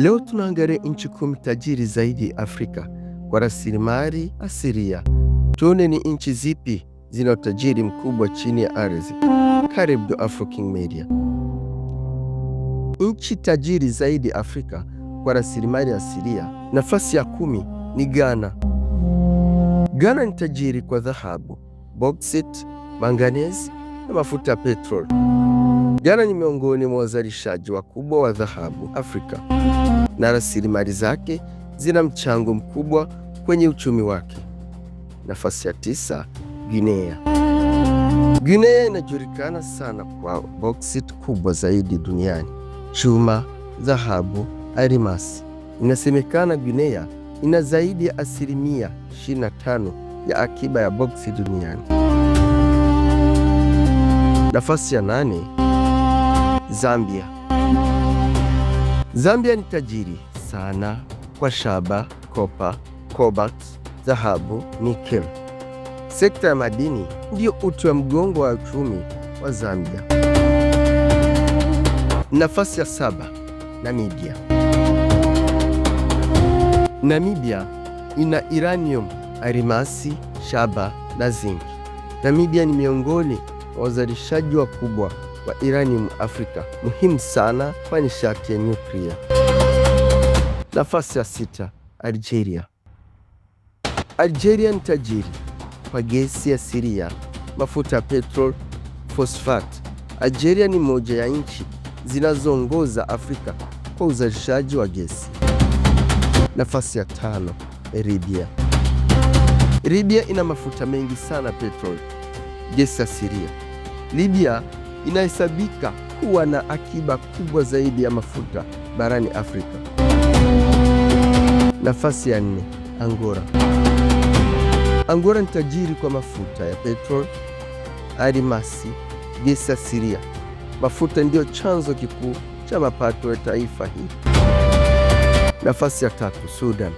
Leo tunaangalia nchi kumi tajiri zaidi Afrika kwa rasilimali asilia. Tuone ni nchi zipi zina utajiri mkubwa chini ya ardhi. Karibu Afroking Media. Nchi tajiri zaidi Afrika kwa rasilimali asilia. Nafasi ya kumi ni Ghana. Ghana ni tajiri kwa dhahabu, bauxite, manganese na mafuta ya petrol Ghana ni miongoni mwa wazalishaji wakubwa wa dhahabu Afrika, na rasilimali zake zina mchango mkubwa kwenye uchumi wake. Nafasi ya tisa, Guinea. Guinea inajulikana sana kwa bauxite kubwa zaidi duniani, chuma, dhahabu, almasi. Inasemekana Guinea ina zaidi ya asilimia 25 ya akiba ya bauxite duniani. Nafasi ya nane, Zambia. Zambia ni tajiri sana kwa shaba, kopa, cobalt, dhahabu, nikel. Sekta ya madini ndiyo uti wa mgongo wa uchumi wa Zambia. Nafasi ya saba, Namibia. Namibia ina uranium, arimasi, shaba na zinki. Namibia ni miongoni wazalishaji wakubwa wa iranium Afrika, muhimu sana kwa nishati ya nyuklia. Nafasi ya sita, Algeria. Algeria ni tajiri kwa gesi ya siria, mafuta ya petrol, fosfat Algeria ni moja ya nchi zinazoongoza Afrika kwa uzalishaji wa gesi. Nafasi ya tano, Libya. Libya ina mafuta mengi sana petrol gesi asilia. Libya inahesabika kuwa na akiba kubwa zaidi ya mafuta barani Afrika. Nafasi ya nne, Angola. Angola ni tajiri kwa mafuta ya petrol, almasi, gesi asilia. Mafuta ndiyo chanzo kikuu cha mapato ya taifa hili. Nafasi ya tatu, Sudan.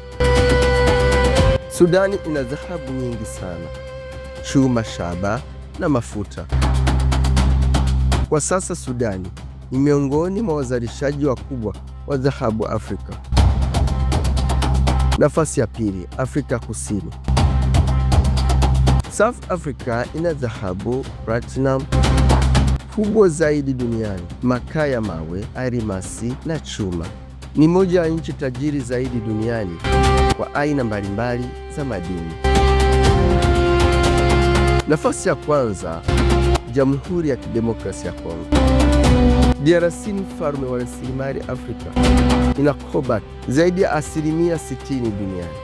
Sudani ina dhahabu nyingi sana, chuma, shaba na mafuta. Kwa sasa Sudani ni miongoni mwa wazalishaji wakubwa wa dhahabu Afrika. Nafasi ya pili, Afrika Kusini. South Africa ina dhahabu platinum kubwa zaidi duniani, makaa ya mawe, almasi na chuma. Ni moja ya nchi tajiri zaidi duniani kwa aina mbalimbali za madini. Nafasi ya kwanza, Jamhuri ya Kidemokrasia ya Kongo. DRC ni mfalme wa rasilimali Afrika, ina cobalt zaidi ya asilimia 60 duniani.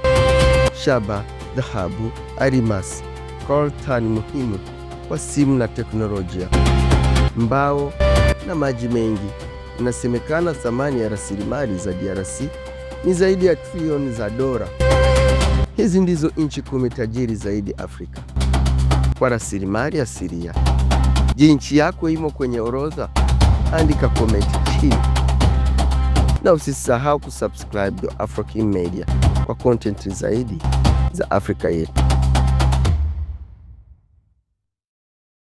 Shaba, dhahabu, alimasi, coltan muhimu kwa simu na teknolojia, mbao na maji mengi. Inasemekana thamani ya rasilimali za DRC ni zaidi ya trilioni za dola. Hizi ndizo nchi kumi tajiri zaidi Afrika kwa rasilimali asilia. Je, nchi yako imo kwenye orodha? Andika komenti chini, na usisahau kusubscribe Afrokin Media kwa content zaidi za Afrika yetu.